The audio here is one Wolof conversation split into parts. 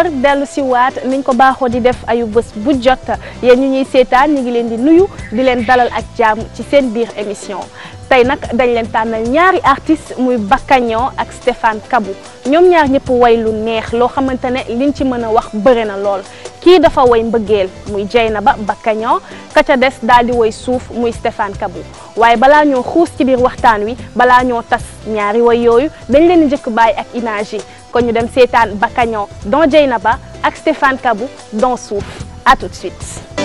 heure dellu si waat niñ ko baaxoo di def ayu bës bu jot yéen ñu ñuy seetaan ñu ngi leen di nuyu di leen dalal ak jàmm ci seen biir émission tey nag dañ leen tànnal ñaari artiste muy Bakagnon ak Stéphane Kabou ñoom ñaar ñëpp woy lu neex loo xamante ne liñ ci mën a wax bëre na lool kii dafa woy mbëggeel muy Dieynaba Bakagnon ka ca des daal di woy suuf muy Stéphane Kabou waaye balaa ñoo xuus ci biir waxtaan wi balaa ñoo tas ñaari woy yooyu dañ leen di njëkk bàyyi ak image kon ñu dem seetaan Bakañon don Dieynaba ak Stéphane Kabou dans Suuf à tout de suite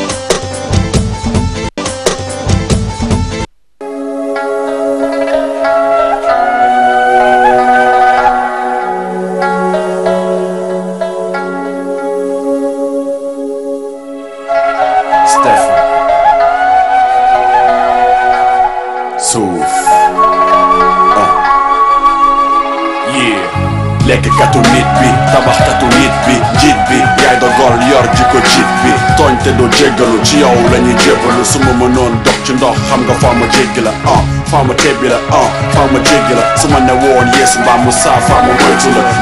ci ndox xam nga faa ma jéggi la ah faa ma la ah faa woon yeesu mbaa mu saa faa ma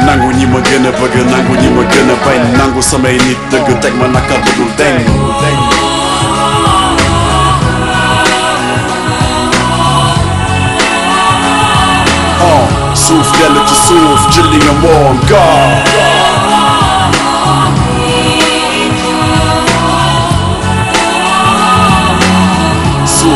nangu ñi ma gën a bëgg nangu ñi ma gën a bañ nangu samay dëgg teg ma naka dudul deñ suuf dellu ci suuf jëli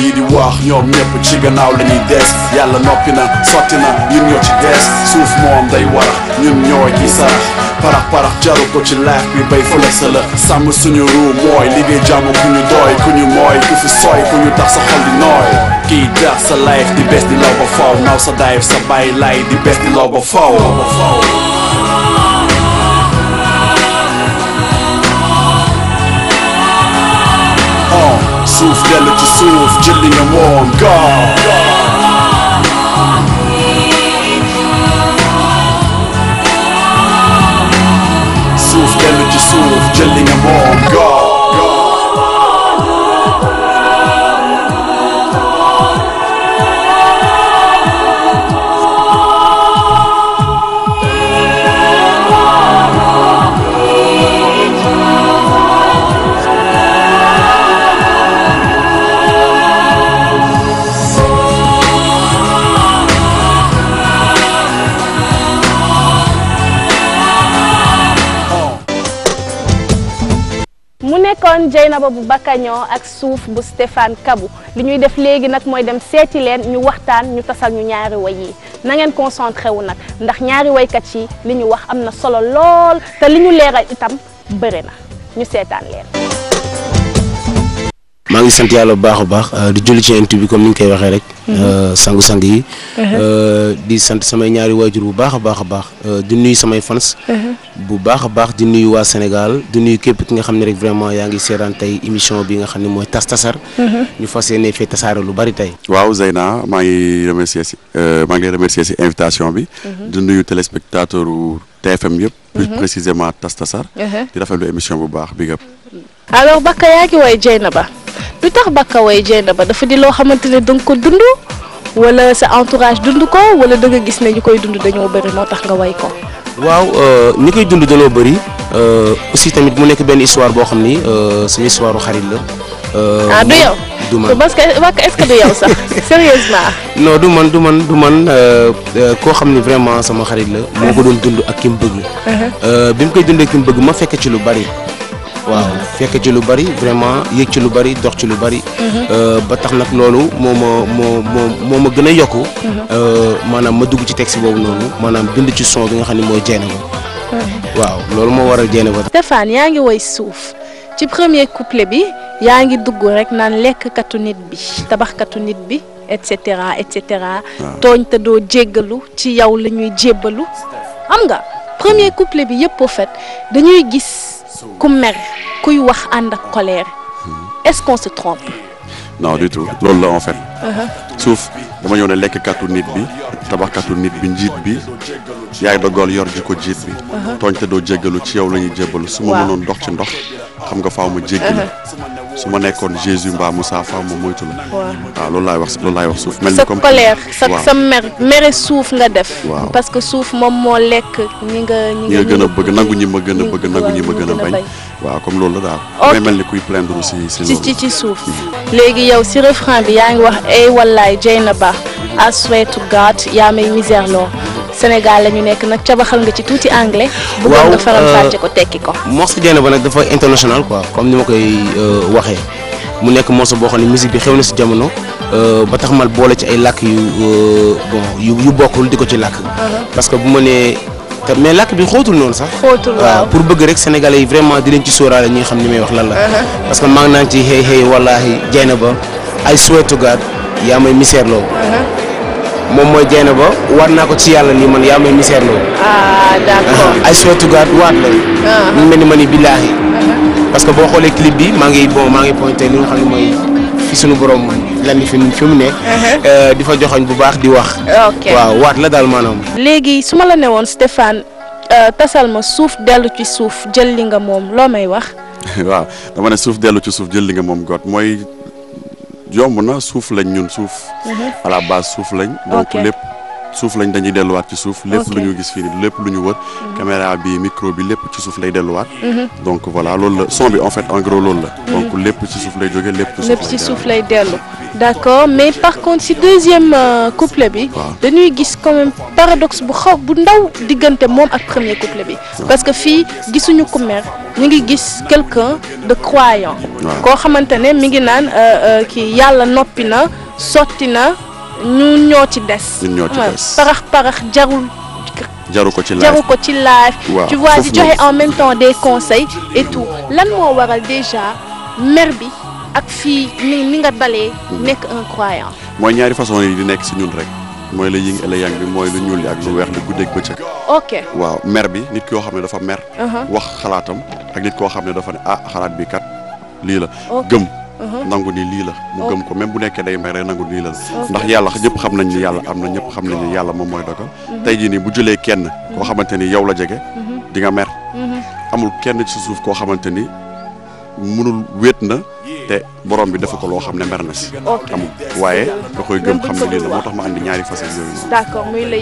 ñii di wax ñoom ñëpp ci gannaaw la des yàlla noppi na sotti na ñun ñoo ci des suuf moom day warax ñun ñoo ci sa parax parax jaru ko ci laaj bi bay fële sa la sàmm suñu ruu mooy liggéey jàmm ku ñu doy ku ñu ku fi sooy ku tax sa xol di nooy kii dax sa life di bes di law ba faw naw sa daayif sa bàyyi lay di bes di law ba faw suuf dellu ci suuf jël li nga moom gaaw suuf dellu ci suuf jël li nga moom gaaw woon Dieynaba bu Bakañoo ak suuf bu Stéphane Kabou li ñuy def léegi nag mooy dem seeti leen ñu waxtaan ñu tasal ñu ñaari way yi na ngeen concentré wu nag ndax ñaari waykat yi li ñu wax am na solo lool te li ñu leeral itam bëri na ñu seetaan leen maa ngi sant yàlla bu baax a baax euh, di julli ci int bi comme ni ñu koy waxee rek. Mhm. Euh, sangu-sang yi. Uh-huh. Euh, di sant samay ñaari waajur bu baax a baax a baax di nuyu samay fans. Uh-huh. bu baax a baax di nuyu waa Sénégal di nuyu képp ki nga xam ne rek vraiment yaa ngi seetaan tey émission bi nga xam ne mooy tas tasar. Uh-huh. ñu fas yéene fee tasaare lu bari tey. waaw Zeyna maa ngi remercier si maa ngi remercier si invitation bi. di nuyu téléspectateur TFM yëpp. plus précisément tas tasar. di rafetlu émission bu baax bi nga. lu tax Bakaway Dieynaba dafa di loo xamante ne danga ko dund wala sa entourage dund ko wala da gis ne ñu koy dund dañoo bëri moo tax nga way ko. waaw euh, ñi koy dund dañoo bëri euh, aussi tamit mu nekk benn histoire boo xam ni euh, sama histoire xarit la. ah du yow du man parce que est que du yow sax sérieusement. du man du man du man koo xam ni vraiment sama xarit la. moo ko doon dund ak ki mu bëgg. Uh-huh. bi mu koy dund ak ki mu bëgg ma fekk ci lu bari. waaw fekk ci lu bari vraiment yëg ci lu bari dox ci lu bari. Mhm. Euh, ba tax nag loolu moo ma moo moo ma gën a yokk. Mhm. Euh, maanaam ma dugg ci texte boobu noonu maanaam bind ci son bi nga xam ne mooy jeene mhm. waaw loolu moo war waral jeene ba. Stéphane yaa ngi woy suuf ci premier couplet bi yaa ngi dugg rek naan lekkkatu nit bi tabaxkatu nit bi. et cetera et cetera. tooñ te doo jéggalu ci yow la ñuy jébbalu. am nga premier couplet bi yëpp au dañuy gis. ku mer kuy wax ànd ak colère est-ce qu'on se trompe. tout loolu la en fait. Uh-huh. suuf dama ñëw ne lekk kàttu nit bi tabax kàttu nit bi njiit bi yaay dogal yor ji ko jiit bi. Uh-huh. tooñ te doo jéggalu ci yow la ñuy jébbalu. su ma mënoon dox ci ndox xam nga faaw ma jéggalu. su ma nekkoon Jésus mbaa Moussa Fall ma moytu la. waaw loolu laay wax loolu laay wax suuf. mel ni comme sa colère sa mere suuf nga def. parce que suuf moom moo lekk ñi nga. ñi nga gën a bëgg nangu ñi ma gën bëgg nangu ñi ma gën bañ. waaw comme loolu la daal. damay mel ni kuy plaindre si ci ci suuf. Hmm. léegi yow si refrain bi yaa ngi wax ay eh, wallaay Dieynaba I swear to God yaa may misère loo Sénégal la nekk nag cabaxal nga ci tuuti anglais. waaw bëgg nga faram-fàcce euh, ko tekki ko. morceau Dieynaba nag dafa international quoi comme ni ma koy euh, waxee mu nekk morceau boo xam ne musique xew na si jamono euh, ba tax mal boole ci ay làkk yu bon yu yu bokkul di ko ci làkk. Uh-huh. parce que bu ma nee te bi xootul noonu sax. xóotul waaw pour bëgg rek sénégalais yi di leen ci sóoraale ñi nga xam ni may wax lan la. Uh-huh. parce que maa ngi naan ci hey hey wallaahi Dieynaba I swear to God yaa may misère loo. Uh-huh. moom mooy jeene ba war naa ko ci yàlla nii man yaa may misère loolu. ah d'accord ay sootu gaat waat la. ñu ah. mel ni ma ni billaahi uh-huh. parce que boo xoolee clip bi maa ngi bon maa ngi pointé li nga xam ne mooy fi suñu borom la fi fi mu ne. Uh-huh. Euh, di fa joxoñ bu baax di wax. waaw waat la daal maanaam. léegi su ma la woon Stéphane euh, tasal ma suuf dellu ci suuf jël li nga moom loo may wax. waaw dama ne suuf dellu ci suuf jël li nga moom got mooy. yomb na suuf lañ ñun suuf. Mhm. à la base suuf lañ. donc lépp suuf lañ dañuy delluwaat ci suuf. lépp lu ñu gis fii nii lépp lu ñu wër. Mhm. caméra bi micro bi lépp ci suuf lay delluwaat. Mhm. donc voilà loolu la son bi en fait en gros loolu la. Mhm. donc lépp ci suuf lay jógee lépp. lépp ci suuf lay dellu d' accord mais par contre si deuxième euh, couplet bi. dañuy gis quand même paradoxe bu xaw bu ndaw diggante moom ak premier couplet bi. parce que fii gisuñu ku mer ñu ngi gis quelqu'un de croyant. koo xamante ne mi ngi naan euh, euh, kii yàlla noppi na sotti na. ñun ñoo ci des. ñun ñoo ci des parax parax jarul. jaru ko ci live ko ci live. tu joxe en même temps des conseils et lan moo waral déjà mer bi ak fii ni nga balee. Mhm. nekk un croyant. mooy ñaari façon yi di nekk ci ñun rek mooy la yëng la bi mooy lu ñuul li ak lu weex li guddeeg bëccëg. ok waaw mer bi nit koo xam ne dafa mer. Uh-huh. wax xalaatam ak nit koo xam ne dafa ne ah xalaat bi kat lii la nangu ni lii la mu gëm ko même bu nekkee day mere nangu ni lii la ndax yàlla ñëpp xam nañ ni yàlla am na ñëpp xam nañ ni yàlla moom mooy dogal mhm. tey jii nii bu jëlee kenn mhm. koo xamante ni yow la jege mhm. di nga mer amul kenn ci suuf koo xamante ni mënul wéet na te borom bi dafa ko loo xam ne mer na si. ok amul waaye da koy gëm xam ne lii la moo tax ma andi ñaari façon yooyu noonu.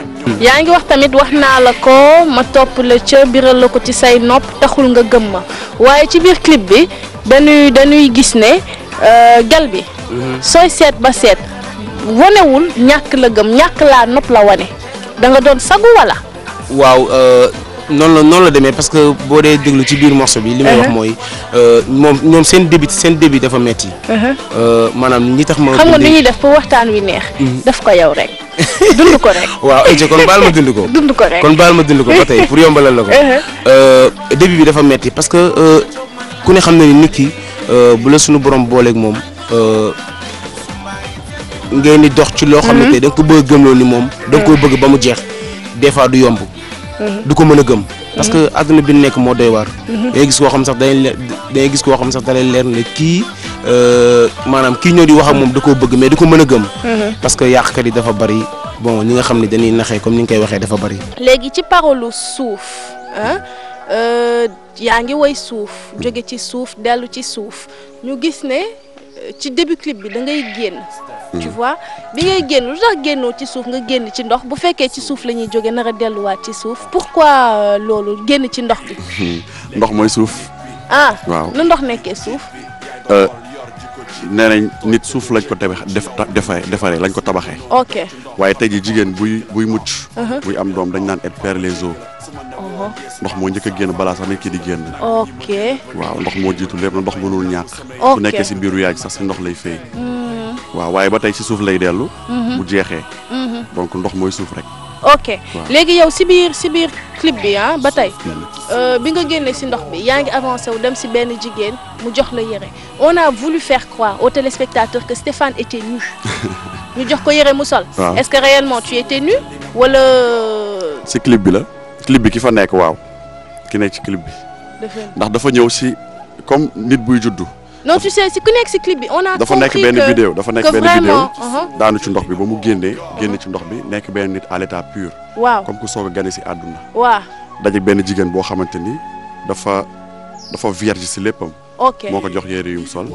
Hmm. yaa ngi wax tamit wax naa la ko ma topp la ca biral la ko ci say nopp taxul nga gëm ma waaye ci biir clip bi dañuy dañuy gis ne euh, gal bi. Hmm. sooy seet ba seet wonewul ñàkk la gëm ñàkk laa nopp la wane da doon sagu wala. waaw euh, noonu la noonu la demee parce que boo dee déglu ci biir morceau bi. li may wax uh-huh. mooy euh, moom ñoom seen début seen début dafa metti uh-huh. euh, maanaam ñi tax ma. xam nga nu ñuy def waxtaan wi neex. Mm-hmm. daf ko yow rek. dund ko rek. waaw ayca kon baal ma dund ko. dund ko rek kon baal ma dund ko ba pour yombalal la ko. Uh-huh. Euh, début bi dafa metti parce que ku ne xam ne ni nit bu la suñu borom booleeg moom. ngeen di dox ci loo xamante ne mm-hmm. da ko bëgg gëmloo ni moom. da nga mm-hmm. bëgg ba mu jeex des du yomb. du ko mën a gëm. parce que àdduna bi nekk moo doy waar. Mhm. dangay gis koo xam sax day dangay gis koo xam sax da lay leer ne kii euh, maanaam kii ñoo di wax ak moom da koo bëgg mais du ko mën a gëm. Mhm. parce que yàqkat yi dafa bari bon ñi nga xam ne dañuy naxee comme ni nga koy waxee dafa bari. léegi ci parolu suuf euh, yaa ngi woy suuf mm. jóge ci suuf dellu ci suuf ñu gis ne. ci début clip bi da ngay génn. tu vois bi ngay génn lu tax génnoo ci suuf nga génn ci ndox bu fekkee ci suuf la ñuy jóge nar a delluwaat ci suuf pourquoi euh, loolu génn ci ndox bi. ndox mooy suuf. ah waaw lu ndox nekkee suuf. Euh, nee nañ nit suuf lañ ko tabax def defaree lañ ko tabaxee. ok waaye tey jigéen buy buy mucc. Uh-huh. buy am doom dañ naan et perd les eaux. Uh-huh. ndox moo njëkk a génn balaa sax nit ki di génn. ok waaw ndox moo jiitu lépp ndox mënul ñàkk. ok bu nekkee si mbiru yaay sax si ndox lay fay. Mm. waaw waaye ba tey si suuf lay dellu. Mm-hmm. bu jeexee. Mm-hmm. donk ndox mooy suuf rek. ok léegi yow si biir si biir clip bi ah ba tey euh, bi nga génnee si ndox bi yaa ngi avancé wu dem si benn jigéen mu jox la yére on a voulu faire croire aux téléspectateurs que Stéphane était nu ñu jox ko yére mu sol. est-ce que réellement tu étais nu wala. Euh, si clip bi la clip bi ki fa nekk waaw ki ne ci clip bi. ndax dafa ñëw si comme nit buy juddu. dafa nekk benn vidéo dafa nekk benn vidéo uh-huh. daanu ci ndox bi ba mu génnee génn ci ndox bi nekk benn nit à l'état pur. comme ku soog a gane si àdduna. waaw daje benn jigéen boo xamante ni dafa dafa vierge si léppam. ok moo ko jox yére yu mu sol.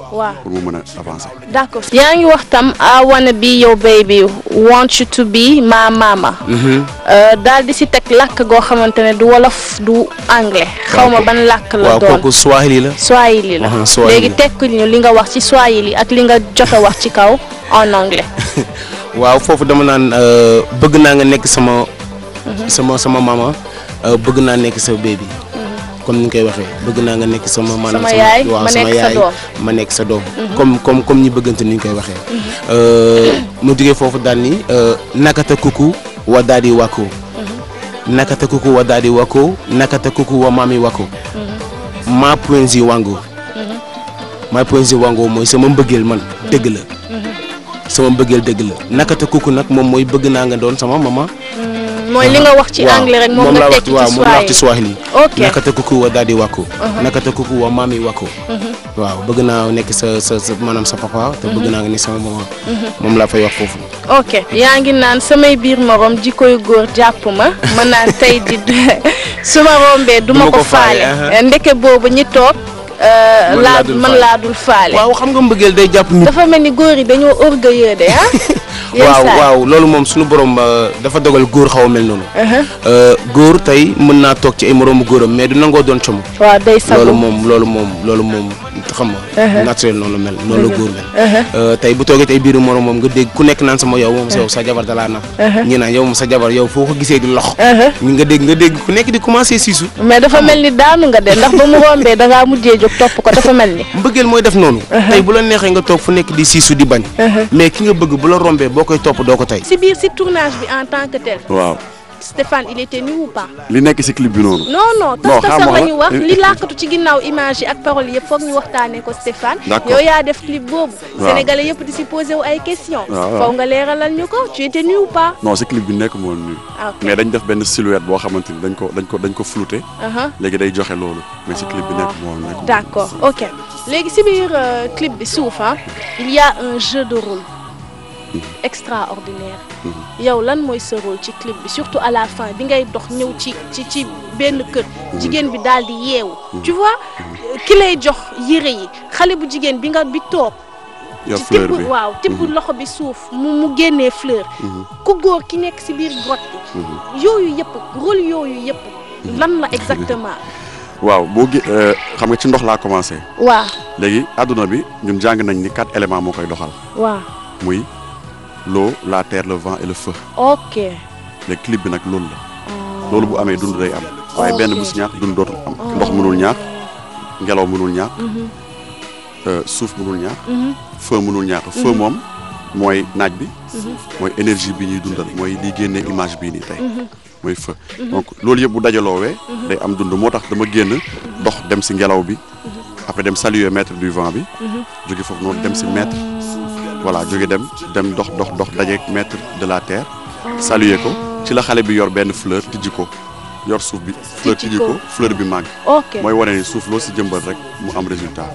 pour mu mën a avancer. d' accord yaa ngi wax tam I wanna be your baby want you to be my mama. Mhm. Euh, daal di si teg làkk goo xamante ne du wolof du anglais. xaw ma ban làkk la doon waaw kooku swahili la. swahili uh-huh, léegi tekk ñu li nga wax ci swahili ak li nga jot a wax ci kaw en anglais. waaw foofu dama naan euh, bëgg naa nga nekk sama. Mhm. sama sama mama euh, bëgg naa nekk sa baby. comme ni nga koy waxee bëgg naa nga nekk sama maanaam sama yaay waaw sama yaay ma nekk sa doom mhm. comme comme comme ñi bëggante ni ñu koy waxee ma mhm. euh, jógee foofu daal ni euh, nakata kuku wa daal di wàkku mhm. nakata kuku wa daal di wàkku nakata kuku wa maami wàkku ma point zi wango maa point mooy sama mbëggeel man dëgg la sama mbëggeel dëgg la nakata kuku nag moom mooy bëgg naa nga doon sama mama mooy li nga wax ci anglais rek moom nga tekki waaw moom la wax ci Swahili ok nakata kuku wa daadi wàkku uh-huh. nakata kuku wa maami wàkku uh-huh. waaw bëgg naa nekk sa sa maanaam sa papa te bëgg uh-huh. naa nga ni sama maman moom laa fay wax foofu ok yaa ngi naan samay biir morom jikkoy góor jàpp ma ma naan tey di su ma rombee duma ko faale ndeke boobu ñi toog Euh, laa man laa dul faale. waaw xam nga mbëggeel day jàpp nit. dafa mel ni góor yi dañoo orgueilleux de ah. waaw loolu moom suñu borom euh, dafa dogal góor xaw a mel noonu. Uh-huh. Euh, góor tey mën naa toog ci ay moroomu góoram mais du nangoo doon coomo. waaw day sago loolu moom loolu moom loolu moom. xam nga. Uh-huh. naturel noonu la mel noonu la uh-huh. góor mel. Uh-huh. Uh, tey bu toogee tey biiru morom moom nga dégg ku nekk naan sama yow moom sa jabar dalaa nam ñi naan yow moom sa jabar yow foo ko gisee di lox nga dégg ku nekk di commencé siisu mais dafa mel ni daanu nga de ndax ba mu rombee da mujjee jóg topp ko dafa mel ni mbëggeel mooy def noonu tey bu la neexee nga toog fu nekk di siisu di bañ mais ki nga bëgg bu la rombee boo koy topp doo ko tey si biir si tournage Stéphane il était nu ou pas. li nekk ci clip bi noonu. non non tas tasam la ñu wax li làkkatu ci ginnaaw image ak paroles yëpp foog ñu waxtaanee ko Stéphane. d'accord yow yaa def clip boobu. waaw sénégalais yëpp si posé ay questions. waaw nga leeralal ñu ko tu étais nu pas. non ci clip bi nekk moo nu. Ah, mais dañ def benn silhouette boo xamante ni dañ ko dañ ko dañ ko flouté. léegi day joxe loolu. mais ci clip bi nekk moo nekk. d'accord ok léegi ci biir euh, clip bi suuf extraordinaire. yow lan mooy sa rôle ci clip bi surtout à la fin bi ngay dox ñëw ci ci ci benn kër. jigéen bi daal di yeewu. tu vois ki lay jox yére yi xale bu jigéen bi nga bi toog. yor bi waaw tibb mhm. loxo bi suuf mu mu génnee fleur. Mhm. ku góor ki nekk si biir grotte bi. Mhm. yooyu yëpp rôle yooyu yëpp. lan la exactement. waaw boo gi euh, xam nga ci ndox laa commencé. waa léegi àdduna bi ñun jàng nañ ni quatre éléments moo koy doxal. waaw l'eau la terre le vent et le feu. ok léegi clip bi nag loolu la. Oh. loolu bu amee dund day am. waaye benn bu si ñaax dund dootul am. ndox mënul ñaax ngelaw mënul ñaax. Mhm. Euh, suuf mënul ñaax. Mhm. feu mënul ñaax mhm. feu moom mooy naaj bi. mooy énergie bi ñuy dundal mooy liy génnee image bii nii tey. mooy feu donc loolu yëpp bu dajaloowee. day am dund moo tax dama génn dox dem si ngelaw bi. après dem saluer maître du vent bi. jóge foofu noonu dem si maître. voilà jóge dem dem dox dox dox dajeeg maître de la terre saluer ko ci la xale bi yor benn fleur tijji ko yor suuf bi fleur tijji ko fleur bi màgg mooy wane ni suuf loo si jëmbal rek mu am résultat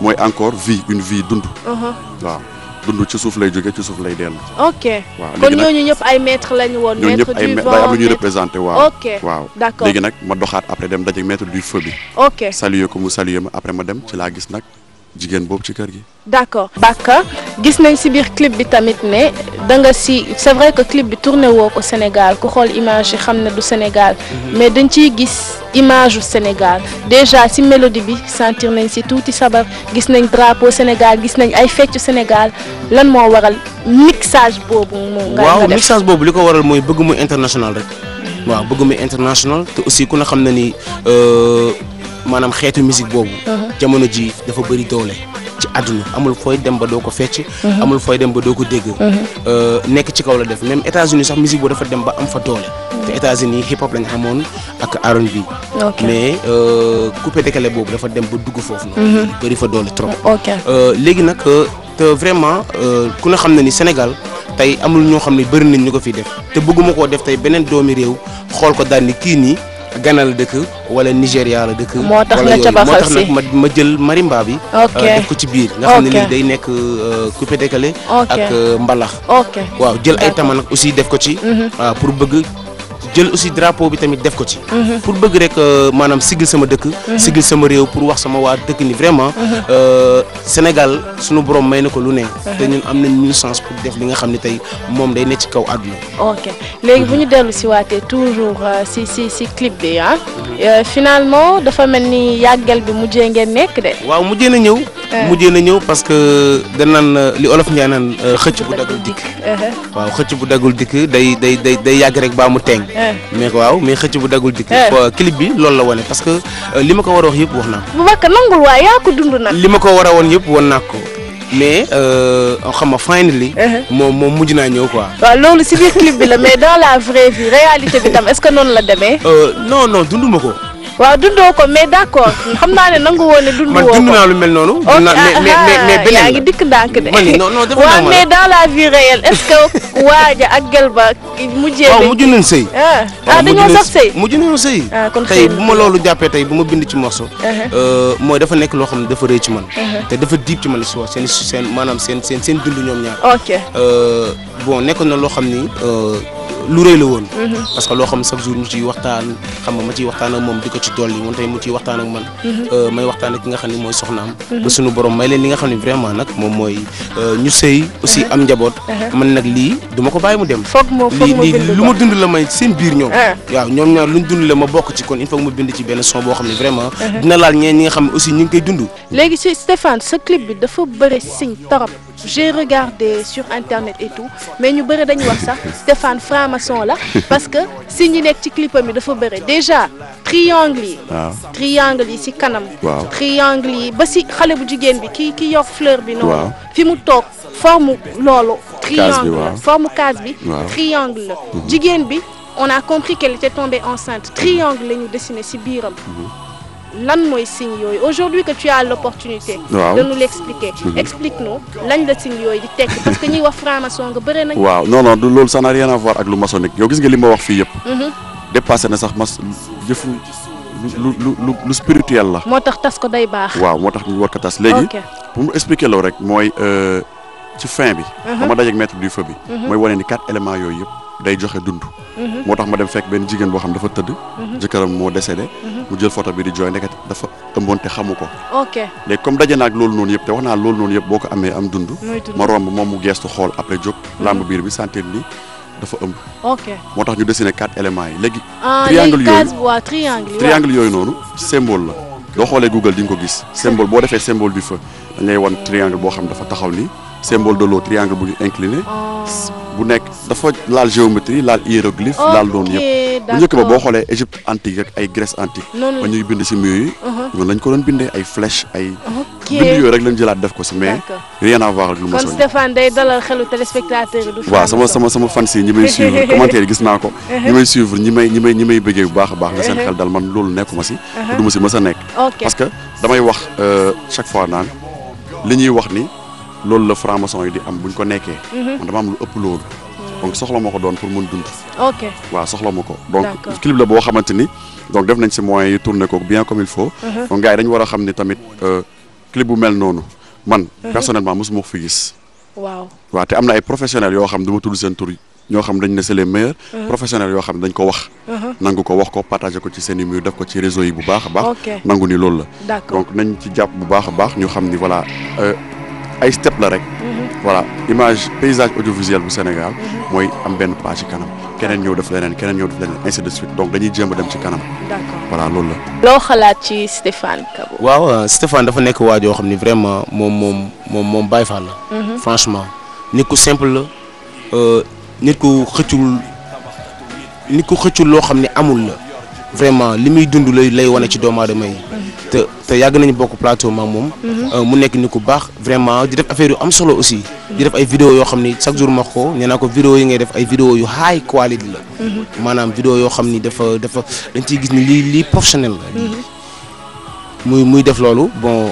mooy encore vie une vie dund uh-huh. waaw ci suuf lay jóge ci suuf lay dellu ok waaw kon ñooñu ñëpp ay maître lañu woon ñooñu ñëpp ay day lu ñuy représenté waaw waaw d'accord léegi nag ma doxaat après dem dajeeg maître du feu bi ok saluer ko mu saluer ma après ma dem ci laa gis nag jigéen boobu ci kër gi. d'accord Bakka gis nañ si biir clip bi tamit ne da nga si c'est vrai que clip bi tourné woo ko Sénégal ku xool image yi xam ne du Sénégal. Mhm. mais dañ ciy gis image u Sénégal déjà si mélodie bi sentir nañ si tuuti sabar gis nañ drapeau Sénégal gis nañ ay fecc Sénégal lan moo waral mixage boobu. moom nga waaw mixage boobu li ko waral mooy bëgg mu international rek. waaw bëgg mu international te aussi ku ne xam na ni. Euh, maanaam xeetu musique boobu. Uh-huh. jamono ji dafa bëri doole. ci àdduna amul fooy dem ba doo ko fecc. Uh-huh. amul fooy dem ba doo ko dégg. Uh-huh. Uh, nekk ci kaw la def même États-Unis sax musique boobu dafa dem ba am fa doole. te États-Unis hip hop lañ xamoon ak R&B. mais euh, coupé décalé boobu dafa dem ba dugg foofu noonu. bëri fa doole trop. Euh, léegi nag euh, te vraiment ku ne xam na ni Sénégal. tey amul ñoo xam ne bëri nañ ñu ko fi def te bëgguma koo def tey beneen doomi réew xool ko daal ni kii nii Ghana la dëkk wala Nigéria la dëkk. moo tax nga ca baxal si moo tax nag ma jël marimba bi. Euh, def ko ci biir. nga xam ne lii day nekk euh, coupé décalé. ak euh, mbalax. waaw jël ay tama nag aussi def ko ci. Mhm. pour bëgg. jël aussi drapo bi tamit def ko ci mhm. pour bëgg rek euh, maanaam sigil sama dëkk mhm. sigil sama réew pour wax sama waa dëkk ni vraiment mhm. euh, Sénégal suñu borom may na ko lu ne te ñun am nañ ñu chance pour def li nga xam ni tey moom day nekk ci kaw àdduna ok léegi bu ñu dellu si waatee toujours euh, si si si clip bi ah finalement dafa mel ni yàggal bi mujjee ngeen nekk de waaw mujjee na ñëw Eh. mujjee na ñëw parce que danaan euh, li olof Ndiaye naan euh, xëcc bu daggul dikk. Eh, eh. waaw xëcc bu daggul dikk day day day day yàgg rek baa mu teeñ. mais waaw mais xëcc bu daggul dikk. clip bi loolu la wane parce que euh, li ma ko war a wax yëpp wax naa ko. bu baax nangul li ma ko war woon yëpp wan naa ko. mais xam nga finally. moom moom mujj naa ñëw quoi. waaw loolu si biir clip bi la mais dans la vraie vie réalité bi tam est-ce que noonu la demee. non non dunduma ko. waaw dundoo ko mais d'accord xam naa ne nangu woon ne dundu woo ko man dund naa lu mel noonu. ok oh, mais yaa ngi dikk ndànk de. man non non waaw mais dans la vie réelle est-ce que waaja ak gelba mujjee. waaw mujj nañ sëy. ah, ah dañoo saf sëy mujj nañu sëy. Ah, kon tey bu ma loolu jàppee tey bu ma bind ci morceau. Ah, euh, mooy dafa nekk loo xam ne dafa rëy ci man. te dafa diib ci man si wax seen seen maanaam seen seen seen dund ñoom ñaar. ok euh, bon nekkoon na loo xam ni. Euh, lu rëy la woon. Mhm. parce que loo xam chaque jour mu ciy waxtaan xam nga ma ciy waxtaan ak moom di ko ci dolli moom tey mu ciy mhm. euh, may waxtaan ak ki mooy soxnaam. Mhm. ba suñu borom may leen euh, nag lii du ma ko bàyyi mu dem. foog moo foog moo bind lu ma la may biir ñoom. Ah. waaw ñoom ñaar luñ dund la ma bokk ci kon il faut ma bind boo xam ne vraiment. dina laal ñeen ñi nga xam ne aussi ñu ngi koy dund. léegi si Stéphane sa clip bi dafa bëri siñ torop j'ai regardé sur internet et tout mais ñu bëri dañu wax sax Stéphane franc la parce que si ñu nekk ci clipam yi dafa bëri déjà triangle yi. waaw triangle yi si kanam. waaw triangle yi ba si xale bu jigéen bi ki ki yokk fleur bi. noonu fi mu toog forme loolu. triangle la forme case bi. triangle la mhm. jigéen bi on a compris qu'elle était tombée enceinte triangle la ñu dessiné si biiram. Mhm. lan mooy signe yooyu aujourd'hui que tu as l'opportunité waaw de nous mhm. explique-nous lañ la signe yooyu di tekk parce que ñuy wax franc-maçon nga bëri nañ waaw non non loolu ça n'a rien ak lu maçonnique yow gis nga li ma wax fii yëpp mhm. dépassé na sax mas jëfu lu lu lu lu spirituel la moo tax tas ko day baax waaw moo tax ñu war ko tas léegi pour mu expliquer loo rek mooy euh, ci fin bi ba mhm. ma dajeeg maître du feu bi mooy wane ni quatre éléments yooyu yëpp day joxe dund mhm. moo tax ma dem fekk benn jigéen boo xam dafa tëdd mhm. jëkkëram moo de mhm. mu jël photo bi di jooy nekk dafa ëmboon xamu ko léegi comme daje naa loolu noonu yëpp te wax naa loolu noonu yëpp boo ko amee am dund ma romb moom mu geestu xool après jóg làmb biir bi sentir ni dafa ëmb moo tax ñu dessiné quatre éléments yi léegi ah, triangle yooyu triangle yooyu noonu symbole la doo xoolee Google di nga ko gis symbole boo defee symbole du feu da ngay wan triangle boo xam dafa taxaw ni symbole de l'eau triangle bu ñu incliné. Oh. bu nekk dafa laal géométrie laal hiéroglyphe laal noonu yëpp bu ba boo xoolee Égypte antique rek ay Grèce antique ba ñuy bind si mur yi uh-huh. noonu lañ ko doon bindee ay flèche ay bind yooyu rek lañ jëlaat def ko si mais rien à lu ma soññ kon xelu téléspectateur du sama sama sama fans yi ñi may suivre gis naa ko uh-huh. ñi may suivre ñi may ñi may ñi may bëggee bu baax a baax la seen uh-huh. xel man loolu nekkuma si du ma si mës a nekk parce que damay wax euh, chaque fois naan li ñuy wax ni loolu la franc yi di am buñ ko nekkee. Mhm. man am lu ëpp loolu. donc soxla ma ko doon pour mën dund. waaw soxla ma ko. donc clip la boo xamante ni donc def nañ si moyens yi tourné ko bien comme il faut. Mhm. donc gars yi dañu war a xam ni tamit euh, clip bu mel noonu man. ma mhm. mosuma ko fi gis. waaw te am na ay professionnels yoo xam du ma tudd seen tur ñoo xam dañ ne c'est les meilleurs. professionnels yoo xam ne dañ ko wax. nangu ko wax ko partagé ko ci seen i mur def ko ci réseau yi bu baax a baax. nangu ni loolu la. donc nañ ci jàpp bu baax a baax ñu xam ni voilà. Euh, ay step la rek. Mhm. voilà image paysage audiovisuel bu Sénégal mhm. mooy am benn pas ci kanam keneen ñëw def leneen keneen ñëw def leneen ainsi de suite donc dañuy jéem dem ci kanam. d'accord voilà loolu la. loo xalaat ci Stéphane Kabou. waaw euh, Stéphane dafa nekk waa xam ni vraiment moom moom moom moom Baye Fall la. Mhm. franchement nit ku simple la euh, nit ku xëccul nit ku xëccul loo xam ni amul la. vraiment li muy dund lay lay wane ci doomu aadama yi. te te yàgg nañu bokk plateau maam moom. Mhm. Euh, mu nekk ni ku baax vraiment di def affaire yu am solo aussi. di def ay vidéo yoo xam ni chaque jour ma ko nee naa ko vidéo yi ngay def ay vidéo yu high quality la. Mhm. maanaam vidéo yoo xam ni dafa dafa dañ ciy gis ni lii lii professionnel la. Mhm. muy muy def loolu bon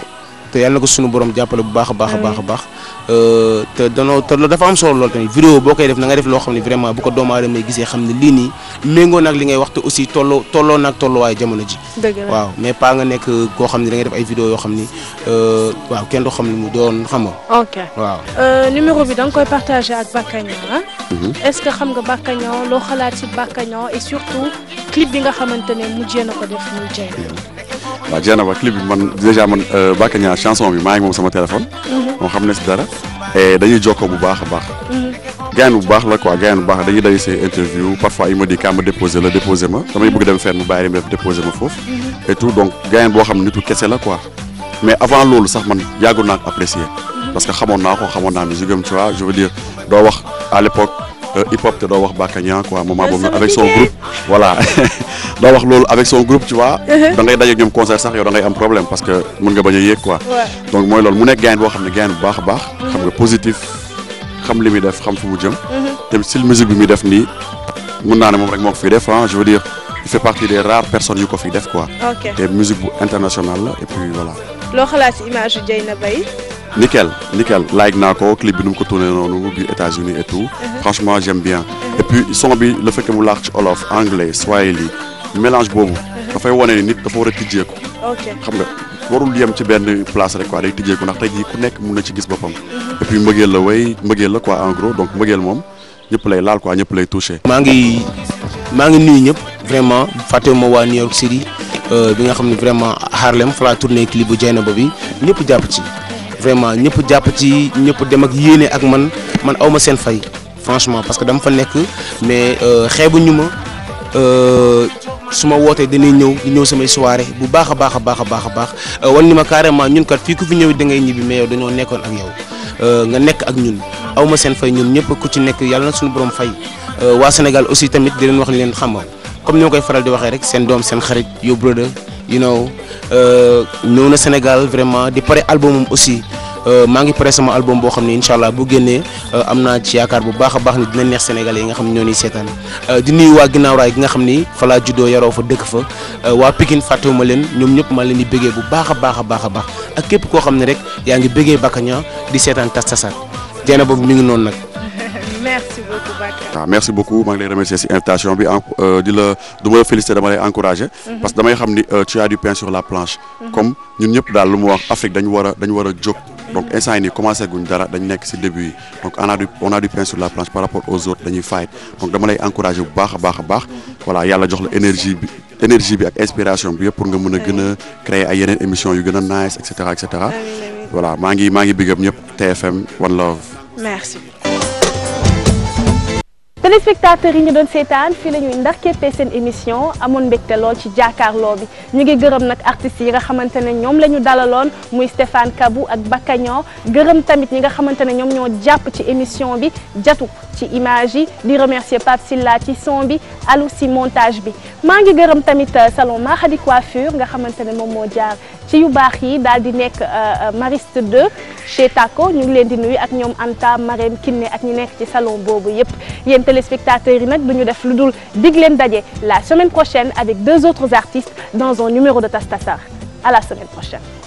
te yàlla na ko sunu borom jàppale bu baax a baax a baax a baax. Euh, te danoo te dafa am solo lool tamit vidéo boo koy def na nga def loo xam ne vraiment bu ko doomu aadama gisee xam ne lii nii méngoo nag li ngay wax te aussi tolloo tolloo nag tolluwaay jamono ji. waaw mais pas nga nekk koo xam ne da def ay vidéo yoo xam ni euh, waaw kenn du xam ne mu doon xam waaw. Euh, numéro bi da nga koy partagé ak Backa Niang ah. mhm. est ce que xam nga Backa loo xalaat ci Backa Niang et surtout clip bi nga xamante ne mu na ko def muy jeex. waa jeex na ba clip bi man dèjà man Mbacké euh, Niang chanson bi maa ngi moom sama téléphone. Mhm. moo xam ne si dara. dañuy jokkoo bu baax a baax. Mhm. gaañ bu baax la quoi gaañ bu baax dañuy day say interview parfois il me dit kaa ma déposé la déposé ma damay bëgg dem fenn mu bàyyi def déposé ma foofu. Mhm. et tout donc gaañ boo xam nitu kese la quoi. mais avant loolu sax man yàggoon naa ko apprécier. parce que xamoon naa ko xamoon naa musique am tu vois je veux dire doo Euh, hip hop te doo wax Baka Niang quoi moment boobu nag avec son groupe voilà doo wax loolu avec son groupe tu vois. Uh-huh. da ngay daje ak ñoom concert sax yow da ngay am problème parce que mën nga bañ a yéeg quoi. donc mooy loolu mu nekk gain boo xam ne gain baax baax. Mm-hmm. xam nga positif xam li muy def xam fu mu jëm. Mm-hmm. te style musique bi muy def nii mën naa ne moom rek moo ko fiy def ah je veux dire il fait partie des rares personnes yu ko fiy def quoi. te musique bu internationale la et puis voilà. nickel nickel like naa ko clip bi nu mu ko tourné noonu biir États-Unis et tout mhm. franchement j'aime bien et puis son bi le fait que mu laax ci olof anglais swahili mélange boobu dafay wane ni nit dafa war a tijjeeku xam nga warul yem ci benn place rek quoi day tijjeeku ndax tey jii ku nekk mun na ci gis boppam mhm. et puis mbëggeel la way mbëggeel la quoi en gros donc mbëggeel moom ñëpp lay laal quoi ñëpp lay touché maa ngi maa ngi nuyu ñëpp vraiment fàttewuma waa New York City euh, bi nga xam ne vraiment Harlem fa laa tourné clip bu Dieynaba bi ñëpp jàpp ci vraiment ñëpp jàpp ci ñëpp dem ak yéene ak man man aw ma seen fay franchement parce que dama fa nekk mais euh, xeebuñu ma euh, su ma wootee dañuy ñëw di ñëw samay soirée bu baax a baax a baax a baax a baax euh, wan ni ma carrément ñun kat fii ku fi ñëw da ngay ñibbi mais yow dañoo nekkoon ak yow nga nekk ak ñun aw ma seen fay ñoom ñëpp ku ci nekk yàlla na suñu borom fay waa Sénégal aussi tamit di leen wax ni leen xamal comme ni ma koy faral di waxee rek seen doom seen xarit yóbbu la you know euh, ñëw na Sénégal vraiment di pare albumam aussi euh, maa ngi pare sama album boo xam ne incha allah bu génnee euh, am naa ci yaakaar bu baax a baax ni dina neex sénégal yi nga xam ne ñoo ñuy seetaan di nuyu waa ginnaaw raay gi nga xam ni fa laa juddoo yaroo fa dëkk fa waa Pikine fàttewuma leen ñoom ñëpp maa leen di bëggee bu baax a baax a baax a képp koo xam ne rek yaa ngi bëggee Backa Niang di seetaan tas tasaat jeena boobu mi ngi noonu nag. merci beaucoup Bakar. waaw ah, merci beaucoup maa ngi lay remercier si invitation bi euh, di la du ma la féliciter dama lay encourager. Mhm. parce que damay xam ni euh, tu as du pain sur la planche. Mhm. comme ñun ñëpp daal lu mu wax Afrique dañu war a war a jóg. donc mhm. instant yi nii guñ dara dañ nekk si début yi donc on a du on a du pain sur la planche par rapport aux autres dañuy fight donc dama lay encourager bu baax a baax a baax voilà yàlla jox la énergie bi. énergie bi ak inspiration bi yëpp pour nga mën a gën a créer ay yeneen émission yu gën a nice et cetera et cetera voilà ngi maa ngi big up ñëpp TFM One téléspectateurs yi ñu doon seetaan fii la ñuy ndax képpee seen émission amoon mbégte lool ci jàkkaarloo bi ñu ngi gërëm nag artistes yi nga xamante ne ñoom la ñu dalaloon muy Stéphane Kabou ak Bakaño gërëm tamit ñi nga xamante ne ñoom ñoo jàpp ci émission bi jatu ci image yi di remercier Pape Silla ci son bi alu si montage bi maa ngi gërëm tamit euh, salon Mahadi Coiffure nga xamante ne moom moo jaar ci yu baax yi daal di nekk euh, euh, Mariste 2 chez Taco ñu ngi leen di nuyu ak ñoom Anta Marème Kiné ak ñi nekk ci salon boobu yépp yéen téléspectateurs yi nag du ñu def lu dul dig leen daje la semaine prochaine avec deux autres artistes dans un numéro de Tastasar à la semaine prochaine